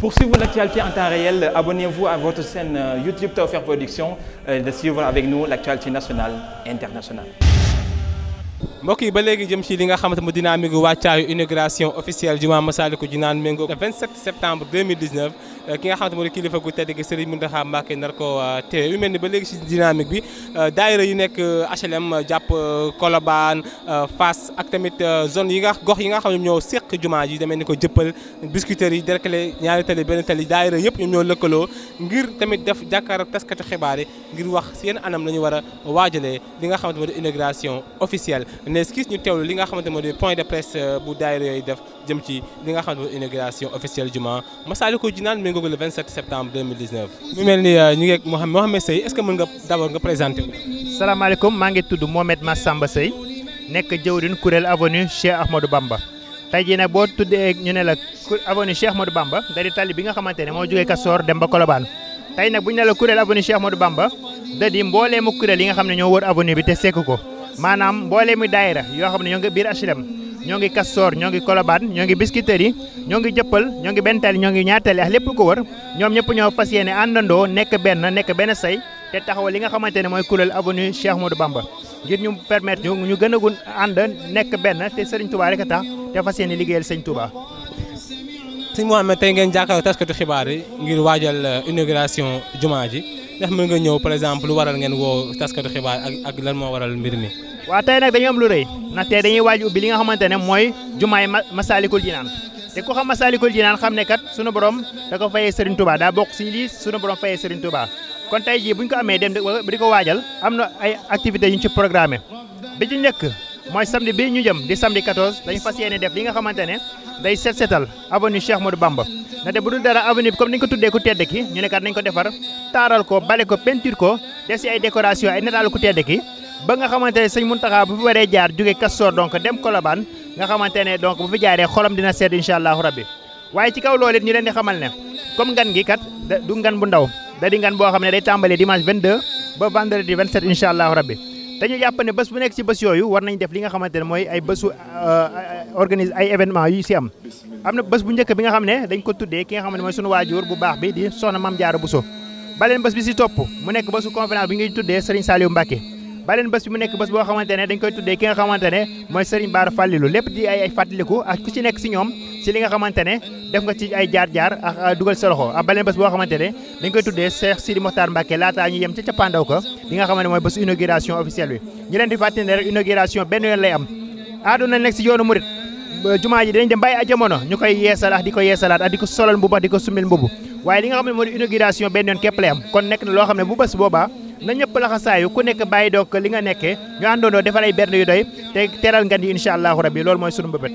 Pour suivre l'actualité en temps réel, abonnez-vous à votre chaîne euh, YouTube Tawfekh Production euh, de suivre avec nous l'actualité nationale et internationale. mbokk yi ba léegi jëm si li nga xamante mu dynamique gu wàccaayu inauguration officielle jumaa Masaalikul Jinaan méngoo 27 septembre 2019 euh, ki nga xamante moo di kilifa gu tedd gi Serigne Mountakha Mbacké nar ko euh, teewe yu mel ni ba léegi ci dynamique bi euh, daayira yi nekk HLM jàpp Colobane Fass ak tamit zone yi nga gox yi nga xam ne ñoo séq jumaa ji demee ni ko jëppal Biscuiterie yi Derklé ñaari tali benn tali daayira yëpp ñoom ñoo lëkkaloo ngir tamit def jàkkaar taskatu xibaar yi ngir wax seen anam la ñu war a waajalee li nga xamante moo di inauguration officielle nees kiis ñu teewlu li nga xamante moo di point de presse euh, bu daayira yooyu def jëm ci li nga xamante inauguration officielle jumaa Massalikul Jinaan mi ngi ko le 27 septembre 2019. mu mel ni euh, ñu ngi ak Mouhamed Mouhamed Seye est-ce que mën nga d'abord nga présenté wu. salaamaaleykum maa ngi tudd Mohamed Massamba Seye nekk jëwriñ kuréel avenue Cheikh Ahmadou Bamba. tey jii nag boo tuddee ñu ne la avenue Cheikh Ahmadou Bamba da di tali bi nga xamante ne moo jógee Kastoor dem ba Colobane tey nag bu ñu ne la kuréel avenue Cheikh Ahmadou Bamba da di mbooleemu kuréel yi nga xam ne ñoo wër avenue bi te sekk ko maanaam mboole mi daayira yoo xam ne ñoo ngi biir HLM ñoo ngi Castor ñoo ngi Colobane ñoo ngi Biscuiterie yi ñoo ngi jëppal ñoo ngi bentali ñoo ngi ñaatali ak lépp lu ko wër ñoom ñëpp ñoo fas yéene àndandoo nekk benn nekk benn say te taxawal li nga xamante ne mooy kuréel avenue Cheikh Ahmadou Bamba ngir ñu permettre ñu ñu gën a gun ànd nekk benn te Serigne Touba rek a tax te fas yéene liggéeyal Serigne Touba. Serigne Mouhamed tey ngeen jàkkaarloo taskatu xibaar yi ngir waajal euh, inauguration jumaa ji. ndax mën nga ñëw par exemple waral ngeen woo taskatu xibaar ak ak moo waral mbir mi. waaw tey nag dañu am lu rëy ndax tey dañuy waaj ubbi nga xamante ne mooy jumaay Masaalikul Jinaan te ku xam Masaalikul Jinaan xam ne kat sunu borom da ko fayee Serigne Touba daa bokk si sunu borom fayee Serigne Touba kon tey jii bu ko amee dem di waajal am na ay activités yu ci programmé bi ci njëkk mooy samedi bii ñu jëm di samedi 14 dañu fas yéene def li nga xamante ne day set setal avenue Cheikh Modou Bamba ndaxte bu dul dara avenue bi comme ni ko tuddee ku tedd ki ñu ne kat nañ ko defar taaral ko bale ko peinture ko def si ay décoration ay nataal ku tedd ki ba nga xamante ne sëñ Muntaxa bu fi waree jaar jóge Kastoor donc dem Kolobaan nga xamante ne donc bu fi jaaree xolam dina seet incha allahu rabbi waaye ci kaw loolu ñu leen di xamal ne comme gi kat du ngan bu ndaw da boo xam ne day tàmbalee dimanche 22 ba vendredi 27 incha allahu rabbi dañu jàpp ne bés bu nekk si bés yooyu war nañ def li nga xamante ne mooy ay bésu euh, organise ay événement yu ci am am na bés bu njëkk bi nga xam ne dañ ko tuddee ki nga xam ne mooy sunu waajur bu baax bi di soxna bu so Bousso baleen bés bi ci topp mu nekk bésu conférence bi ngi tuddee Serigne Saliou Mbacké baleen bés bi mu nekk bés boo xamante ne dañ koy tuddee ki nga ne mooy Serigne Bara Fallilou lépp di ay ay ku ci nekk si ñoom si li nga xamante ne def nga ci ay jaar-jaar ak ah, dugal sa loxo ak baleen bés boo xamante ne dañ koy tuddee Cheikh Sidi Mokhtar Mbacke laataa ñu yem ca cappaandaw ko li nga xamante ne mooy bésu inauguration officielle bi ñu leen di fàttali ne rek inauguration benn yoon lay am aaduna nekk si yoonu murit jumaa ji dem bàyyi a jamono ñu ko yeesalaat ak di ko ko sumil mbubb waaye li nga xam ne moo di inauguration képp lay am kon nekk na loo xam ne bu bés na ñëpp laxasaayu ku nekk bàyyi donc li nga nekkee ñu àndandoo defal ay berne yu doy te teral ngan yi incha allahu rabbi loolu mooy sunu mbëbët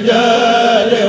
jale